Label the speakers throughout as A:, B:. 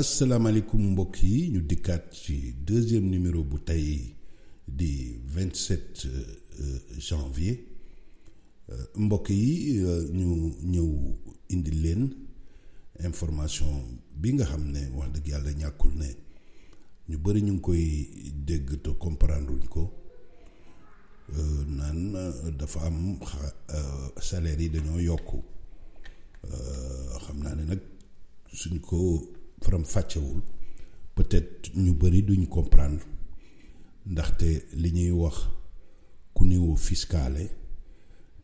A: asalaamaaleykum mbok yi ñu dikkaat ci deuxième numéro bu tey di 27 euh, janvier euh, mbok yi euh, ñu ñëw indi leen information bi nga xam ne wax dëgg yàlla ñàkkul ne ñu bëri ñu ngi koy dégg te comprendre ko naan dafa am salaire yi dañoo yokk xam naa suñ ko. From peut-être ñu bëri comprendre ndaxte li ñuy wax ku fiscale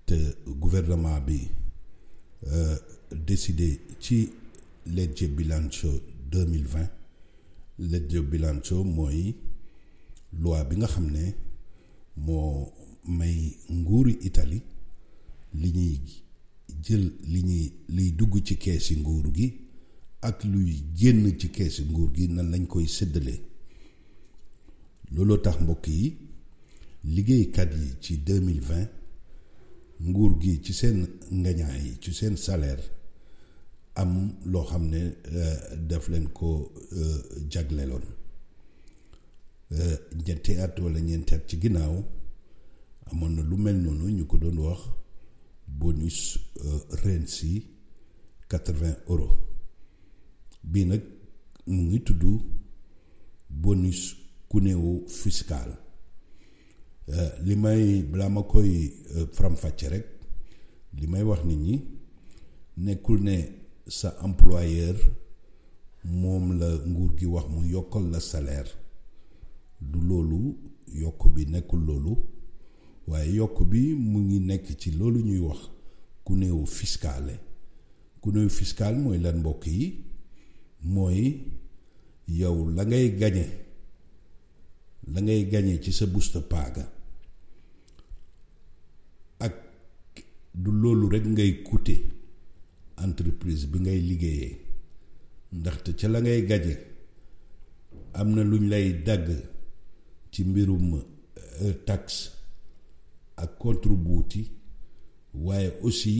A: te gouvernement bi euh, décidé ci bilancio 2020 bilan, bilancio mooy loi bi nga xam ne may nguuri Italie li jël dugg ci ak luy génn ci keesi nguur gi nan lañ koy séddalee looloo tax mbokk yi yi ci 2020 nguur gi ci seen ngañaay yi salaire am loo ne ko ci bonus Renzi 80 euros bii nag mu ngi tudd bonus newu fiscal euh, li may balaa ma koy euh, faram rek li may wax nit ñi nekkul ne sa employeur moom la nguur gi wax mu yokkal la saleer du loolu yokk bi nekkul loolu waaye yokk bi mu ngi nekk ci loolu ñuy wax ku cuneo fiscale cuneo fiscal mooy lan mbokk yi mooy yow la ngay gañe la ngay gañe ci sa busta paaga ak du loolu rekk ngay coûter entreprise bi ngay liggéeyee ndaxte ca la ngay gañe am na luñ lay dagg ci mbirum euh, taxe ak contributi waaye aussi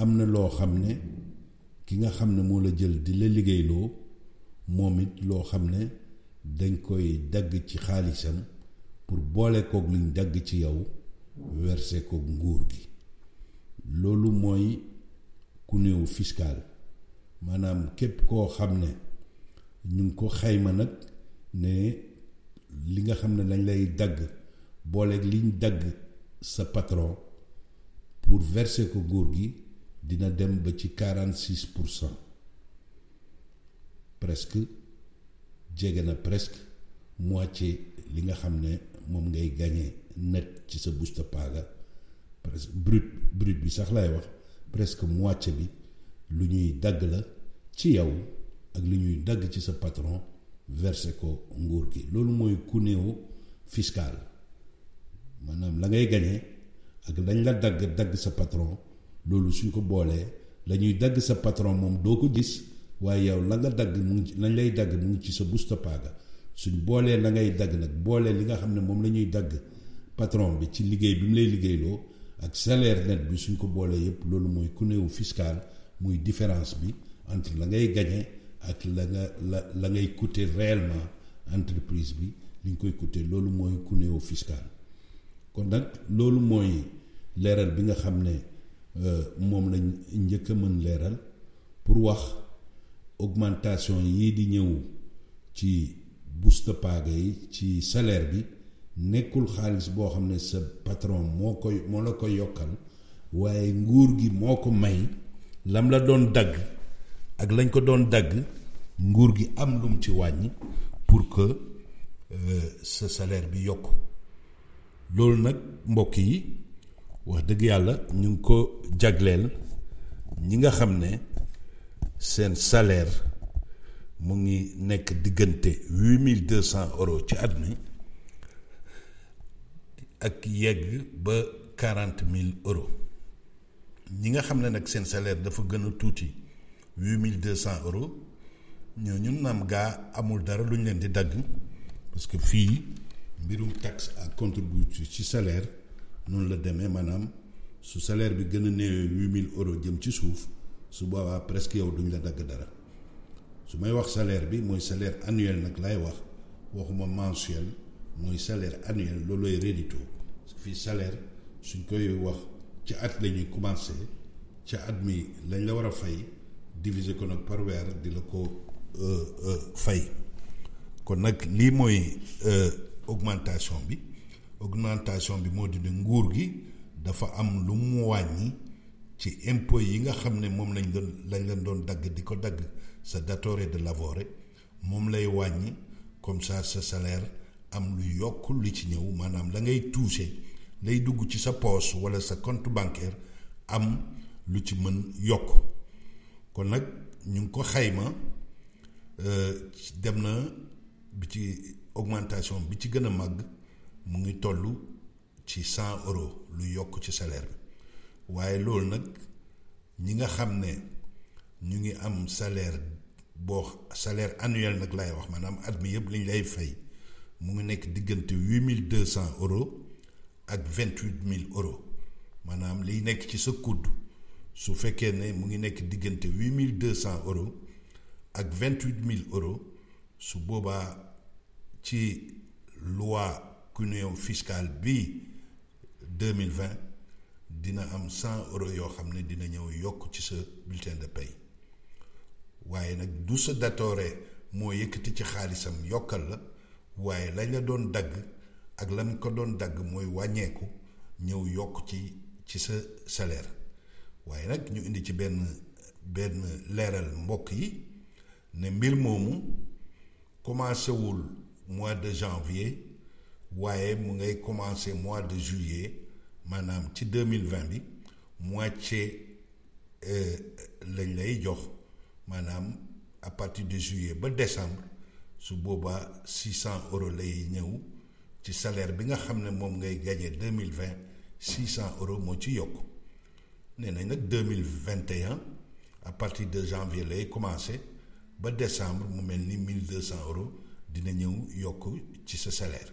A: am na loo xam ne ki nga xam ne moo la jël di la liggéeyloo moom it loo xam ne dañ koy dagg ci xaalisam pour boole koog liñ dagg ci yow werse ko nguur gi loolu mooy ku néew fiscal maanaam képp koo xam ne ñu ngi ko xayma nag ne li nga xam ne dañ lay dagg boole liñ dagg sa patron pour verser ko góor gi dina dem ba ci quarante six pour cent presque jege na presque moitié li nga xam ne moom ngay gagné net ci sa busta paaga presque brut brut bi sax lay wax presque moitié bi lu ñuy dagg la ci yow ak lu ñuy dagg ci sa patron versé ko nguur gi loolu mooy cuneo fiscal maanaam la ngay gagné ak lañ la dagg dagg sa patron loolu suñ ko boolee la ñuy dagg sa patron moom doo ko gis waaye yow la nga dagg mu ngi lañ lay dagg mu ngi ci sa busta paaga suñ boolee la ngay dagg nag boolee li nga xam ne moom la ñuy dagg patron bi ci liggéey bi mu lay liggéeyloo ak salaire net bi suñ ko boolee yépp loolu mooy kunéewu fiscal muy différence bi entre la ngay gañe ak la nga la la ngay coûter réellement entreprise bi li ñu koy coûter loolu mooy kunéewu fiscal kon nag loolu mooy leeral bi nga xam ne Euh, moom lañ njëkk a mën leeral pour wax augmentation yii di ñëw ci busta paga yi ci salaire bi nekkul xaalis boo xam ne sa patron moo koy moo la ko yokkal waaye nguur gi moo ko may lam la doon dagg ak lañ ko doon dagg nguur gi am lum ci wàññi pour que euh, sa salaire bi yokk loolu nag mbokk yi wax dëgg yàlla ñu ngi ko jagleel ñi nga xam ne seen salaire mu ngi nekk diggante huit mille deux cent euros ci at mi ak yegg ba quarante mille euros ñi nga xam ne nag seen salaire dafa gën a tuuti huit mille deux cent euros ñoo ñu naam gaa amul dara lu ñu leen di dagg parce que fii mbirum taxe ak contribution ci salaire nous le demee maanaam su salaire bi gën a euros jëm ci presque yow duñ la dagg dara salaire bi salaire annuel nag wax waxuma mensuel mooy salaire annuel rédito salaire suñ wax ci at par weer di la ko euh, euh, fay kon euh, bi. augmentation bi moo di nguur gi dafa am lu mu wàññi ci impôt yi nga xam ne moom lañ doon lañ leen doon dagg di ko dagg sa datore de lavoro moom lay wàññi comme ça sa salaire am lu yokk lu ci ñëw maanaam la ngay touché lay dugg ci sa poche wala sa compte bancaire am lu ci mën yokk kon nag ñu ngi ko xayma euh, dem na bi ci augmentation bi ci gën a màgg mu ngi tollu ci 100 euros lu yokk ci salaire bi waaye loolu nag ñi am salaire bo salaire annuel nag lay wax maanaam at mi yëpp lay fay mu ngi nekk diggante 8200 euros ak 28000 euros Manam liy n'ek ci sa su fekkee mu ngi 8200 euros ak 28000 euros su boba ci loi cumul fiscal bi deux mille vingt dina am cent euros yoo xam ne dina ñëw yokk ci sa bulletin de paie waaye nag du sa datoore moo yëkkati ci xaalisam yokkal la waaye lañ la doon dagg ak lam ko doon dagg mooy wàññeeku ñëw yokk ci ci sa salaire waaye nag ñu indi ci benn benn leeral mbokk yi ne mbir moomu commencé wul mois de janvier. Je mu ngay le mois de juillet madame, ci 2020 moitié euh, à partir de juillet ba décembre su boba 600 euros lay le salaire bi nga gagné 2020 600 euros 2021 ci En à partir de janvier lay commencé En décembre mu mel 1200 euros dina le salaire.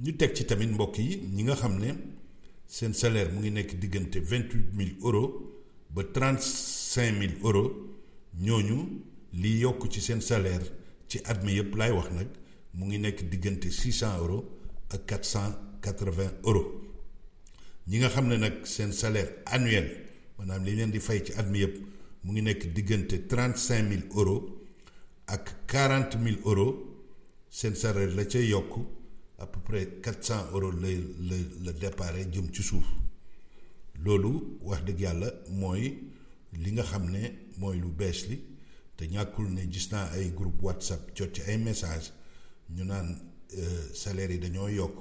A: ñu teg ci tamit mbokk yi ñi nga xam ne seen salaire mu ngi nekk diggante vingt huit mille euros ba trente cinq mille euros ñooñu li yokk ci seen salaire ci at mi yëpp laay wax nag mu ngi nekk diggante six cent euro ak quatre cent quatre vingt euros ñi nga xam ne nag seen salaire annuel maanaam li leen di fay ci at mi yëpp mu ngi nekk diggante trente cinq mille euros ak quarante mille euro seen salaire la ca yokk. à peu près 400 euros le, la la départ jëm ci souf lolu wax deug yalla moy li nga xamné moy lu bees li te ñàkkul ne gis naa ay groupe whatsapp jot ci ay message ñu naan euh, salaire yi dañoo yokk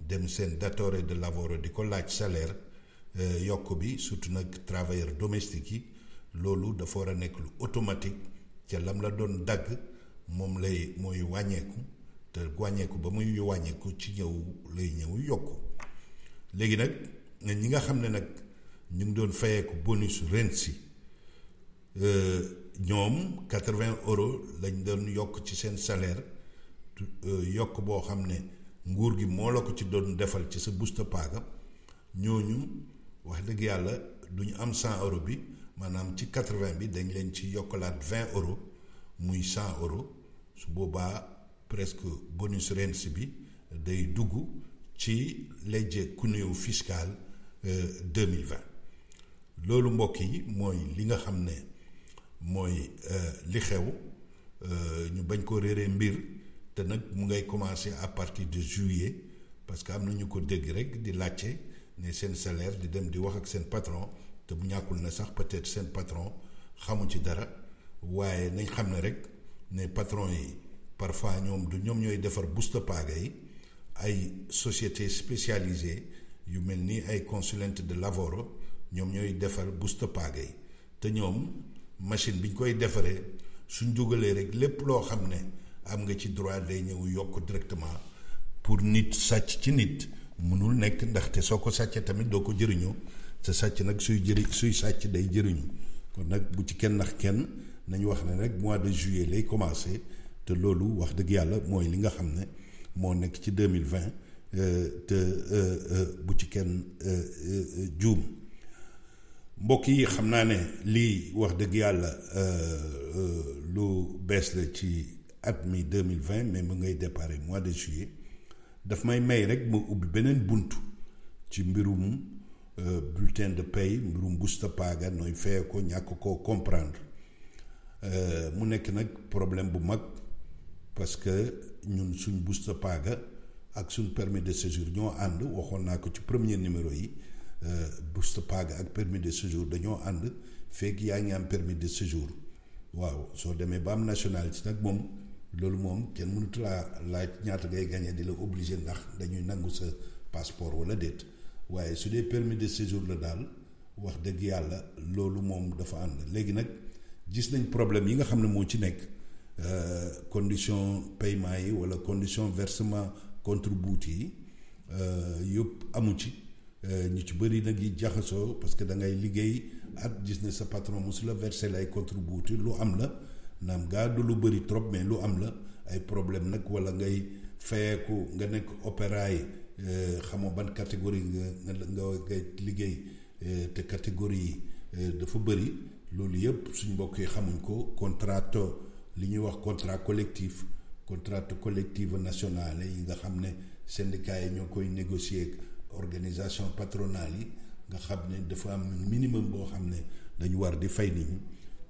A: dem sen datore de lavoro di ko laaj salaire euh, yokk bi surtout nak travailleur domestique yi loolu dafa nekk lu automatique ci lam la doon dag mom lay moy wañéku te wàññeeku ba muy wàññeeku ci ñëw lay ñëw yokk léegi nag ñi nga xam ne nag ñu ngi doon fayeeku bonus ren si euh, ñoom quatre-vingts euros lañ doon yokk ci seen salaire euh, yokk boo xam ne nguur gi moo la ko ci doon defal ci sa busta paaka ñooñu wax dëgg yàlla duñu am cent euros bi maanaam ci quatre-vingts bi dañ leen ci yokkalaat vingt euros muy cent euros su boobaa. presque bonus rents bi day dugg ci connu cuneo fiscal 2020 euh, loolu mbokk yi mooy li nga xam ne mooy euh, li xew euh, ñu bañ ko réeree mbir te nag mu ngay commencer à partir de juillet parce que am na ñu ko dégg rek di laajte ne seen salaire di dem di wax ak seen patron te bu ñàkkul na sax peut-être seen patron xamu ci dara waaye nañ xam ne rek ne patron yi parfois ñoom du ñoom ñooy defar booste paaga yi ay société spécialisée yu mel ni ay consulente de lavoro ñoom ñooy defar booste paaga yi te ñoom machine biñ koy defaree suñ dugalee rek lépp loo xam ne am nga ci droit day ñëw yokk directement pour nit sàcc ci nit mënul nekk ndaxte soo ko sàccee tamit doo ko jëriñu te sàcc nag suy jëri suy sàcc day jëriñu kon nag bu ci kenn ndax kenn nañ wax ne rek mois de juillet lay commencé te loolu wax dëgg yàlla mooy li nga xam ne moo nekk ci 2020 euh, te euh, euh, bu ci kenn juum mbokk yi xam naa ne lii wax dëgg yàlla lu bees la ci at mi 2020 mais mu ngay déparé mois de juillet daf may may rek ma ubbi beneen bunt ci mbirum bulletin de paie mbirum busta paga nooy feye ko ñàkk koo comprendre mu nekk nag problème bu mag parce que ñun suñ busta paga ak suñ permis de séjour ñoo ànd waxoon naa ko ci premier numéro yi euh, busta paga ak permis de séjour dañoo ànd fekk yaa ngi am permis de séjour waaw soo demee ba am nationalité nag moom loolu moom kenn mënut laa laaj ñaata ngay gagné di la obligé ndax dañuy nangu sa passeport wala déet waaye su dee permis de séjour la daal wax dëgg yàlla loolu moom dafa ànd léegi nag gis nañ problème yi nga xam ne moo ci nekk. Euh, condition paiement yi wala condition versement contre contributi yi euh, yëpp amu ci euh, ñu ci bëri nag yi jaxasoo parce que da ngay liggéey at gis ne sa patron mosu la versé lay contributi lu am la naam gaa du lu bëri trop mais lu am la ay problème nag wala ngay fayeeku nga nekk opéra yi xamoo ban catégorie nga nga nga liggéey te catégorie yi dafa bëri loolu yëpp suñ mbokk yi xamuñ ko contrato li ñuy wax contrat collectif contrat collective national yi nga xam ne syndicats yi ñoo koy négocier ak organisation patronale yi nga xam ne dafa am minimum boo xam ne dañu war di fay nit ñi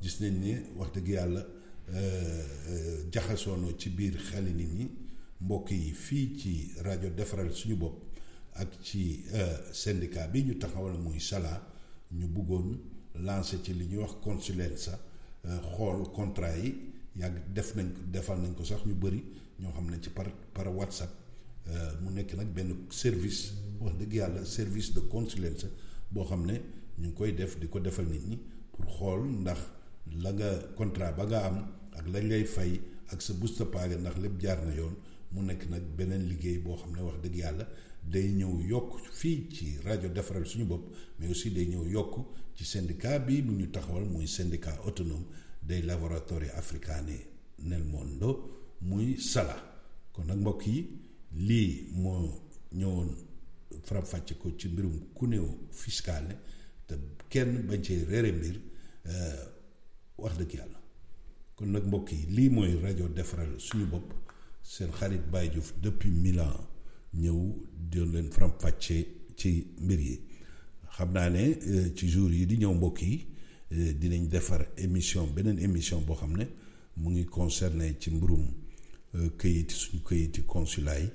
A: gis nañ ne wax dëgg yàlla euh, euh, jaxasoonoo ci biir xeli nit ñi mbokk yi fii ci rajo defaral suñu bopp ak ci euh, syndicat bi ñu taxawal muy sala ñu bëggoon lancer ci li ñuy wax consulence xool contrat yi yàgg def nañ ko defal nañ ko sax ñu bëri ñoo xam ne ci par par WhatsApp euh, mu nekk nag benn service wax dëgg yàlla service de consulence boo xam ne ñu ngi koy def di ko defal nit ñi pour xool ndax la nga contrat ba nga am ak lañ lay fay ak sa busta paage ndax lépp jaar na yoon mu nekk nag beneen liggéey boo xam ne wax dëgg yàlla day ñëw yokk fii ci rajo defaral suñu bopp mais aussi day ñëw yokk ci syndicat bi mu ñu taxawal muy syndicat autonome dei laboratori africani nel mondo muy sala kon nak mbokk yi lii moo ñëwoon faram-fàcce ko ci mbirum cuneo fiscale te kenn ba ci réere mbir euh, wax dëgg yalla kon nak mbokk yi lii mooy rajo defaral suñu bop sen xarit Baye Diouf depuis Milan ñëw de len fram fàcce ci mbir yi xamna ne euh, ci jour yi di ñew mbokk yi Eh, dinañ defar émission beneen émission boo xam ne mu ngi concerné ci mbirum eh, këyit suñu këyiti consulat yi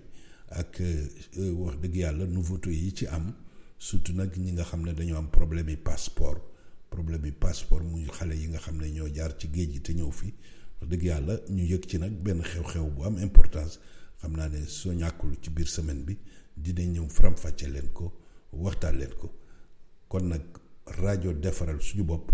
A: ak eh, wax dëgg yàlla nouveauté yi ci am surtout nag ñi nga xam ne dañoo am problème yi passeport problème yi passeport mu xale yi nga xam ne ñoo jaar ci géej gi te ñëw fii dëgg yàlla ñu yëg ci nag benn xew-xew bu am importance xam naa ne soo ñàkkul ci biir semaine bi dina ñëw faram-fàcce leen ko waxtaan leen ko kon nag rajo defaral suñu bopp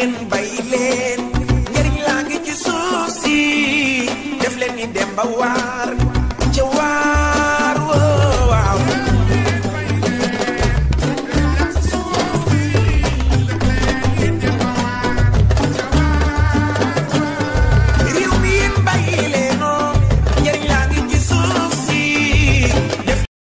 A: yéen bay leen njëriñ laa ngi ci suuf si def leen ni dem ba waa